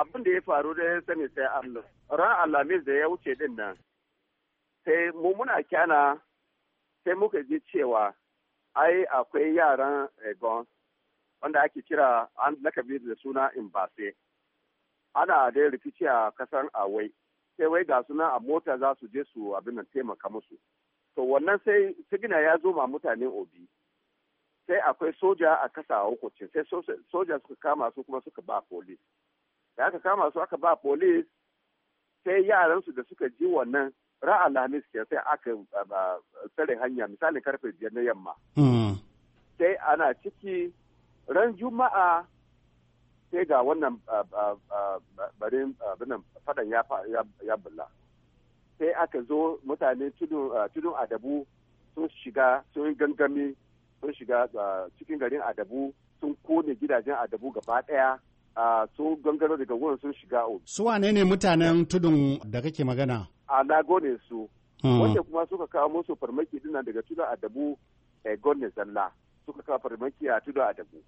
abin da ya faru da ya sani sai Allah ran alhamis da ya wuce din nan sai mu muna kyana sai muka ji cewa ai akwai yaran egon wanda ake kira an lakabi da suna imbase ana da rikici a kasar awai sai wai ga suna a mota za su je su abin nan taimaka musu to wannan sai sigina ya zo ma mutane obi sai akwai soja a kasa a hukuncin sai soja suka kama su kuma suka ba polis da aka kama su aka ba polis sai yaransu da suka ji wannan ra'a alhamis ke sai aka tsare hanya misalin karfe biyar na yamma hmm. sai ana ciki ran juma'a sai ga wannan barin fadan ya bulla sai aka zo mutane tudun adabu sun shiga sun gangami sun shiga cikin garin adabu sun kone gidajen adabu gaba daya sun gangaro daga wurin sun shiga obi. Su wane ne mutanen tudun da kake magana? A lago ne su. Hmm. Wanda kuma suka kawo musu farmaki dina daga tudun Adabu a eh, ne zalla. Suka kawo farmaki a tudun Adabu.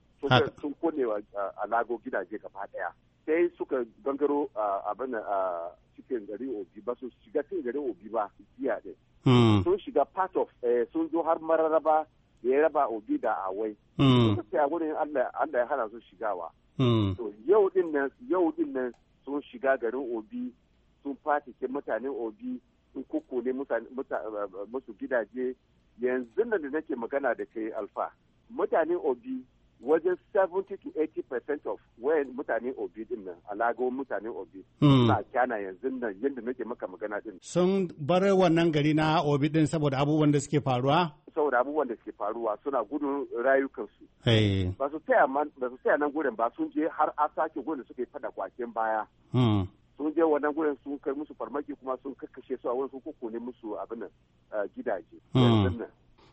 Sun kone a lago gidaje gaba daya. Sai suka gangaro abin a cikin gari obi ba su shiga cikin gari obi ba jiya ne. Hmm. Sun shiga part of eh, sun zo har mararaba da ya raba obi da awai. Hmm. Sun sai a wurin Allah ya hana su shigawa. Hmm. to yau din nan yau din sun shiga garin obi sun fatike mutane obi sun kukkule uh, uh, musu gidaje yanzu nan da nake magana da kai alfa mutanen obi wajen 70 to 80 percent of wayan mutane obi din nan alago mutane obi hmm. suna kyana yanzu nan yadda nake maka magana din sun bar wannan gari na obi din saboda abubuwan da suke faruwa saboda abubuwan da suke faruwa suna gudun rayukansu ba su taya nan gurin ba sun je har a sake gurin suke fada kwakin baya hmm. sun je wannan gurin sun kai musu farmaki kuma sun kakkashe su a wurin sun kukkune musu abin eh, gidaje hmm.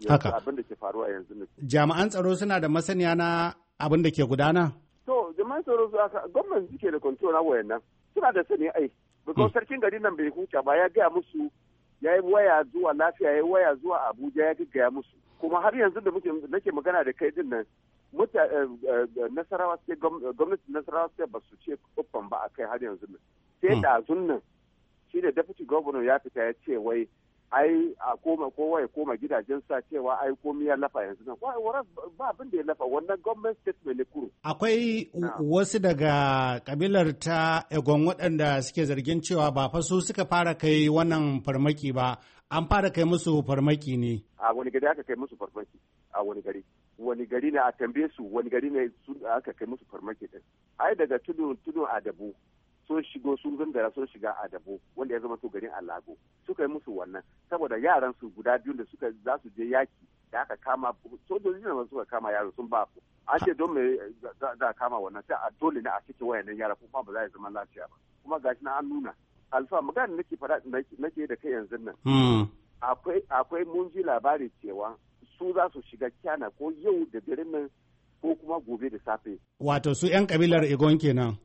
haka abin da ke faruwa yanzu ne jami'an tsaro suna da masaniya na abin da ke gudana to jami'an tsaro su aka gwamnati ke da control na wayannan suna da sani ai because mm. sarkin gari nan bai huta ba ya gaya musu ya yi waya zuwa lafiya ya yi waya zuwa abuja ya gaggaya musu kuma har yanzu da muke nake magana da kai din nan eh, eh, nasarawa sai eh, gwamnati nasarawa sai ba su ce kuffan ba a kai har yanzu nan sai da mm. azun nan shi da deputy governor ya fita ya ce wai ai a koma kowa ya koma sa cewa ai komi ya lafa yanzu nan ba abin da ya lafa wannan government statement ne kuro. Akwai wasu daga kabilar ta Egon waɗanda suke zargin cewa ba fa su suka fara kai wannan farmaki ba an fara kai musu farmaki ne. A wani gari aka kai musu farmaki a wani gari. Wani gari ne a tambaye su wani gari ne aka kai musu farmaki din. Ai daga tudun tudun Adabu sun shigo sun gangara sun shiga a dabo wanda ya zama to garin alago suka yi musu wannan saboda yaran su guda biyu da suka za su je yaki da aka kama sojoji ne suka kama yaro sun ba an ce don me za a kama wannan sai a dole ne a cikin wayannan yara kuma ba za a zama lafiya ba kuma gashi na an nuna alfa magana nake fara nake da kai yanzu nan hmm. akwai akwai mun ji labari cewa su za su shiga kyana ko yau da dare nan ko kuma gobe da safe wato su yan kabilar igon kenan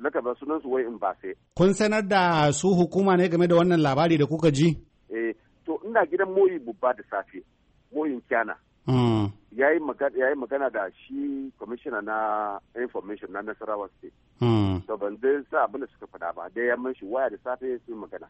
lakaba sunan su wai in ba sai. Kun sanar da su hukuma ne game da wannan labari da kuka ji? Eh, to ina gidan moyi bubba da safe, moyin kyana. Hmm. Ya yi magana da shi kwamishina na information na Nasarawa State. Hmm. To ban zai sa abin da suka faɗa ba, dai ya shi waya da safe sun magana.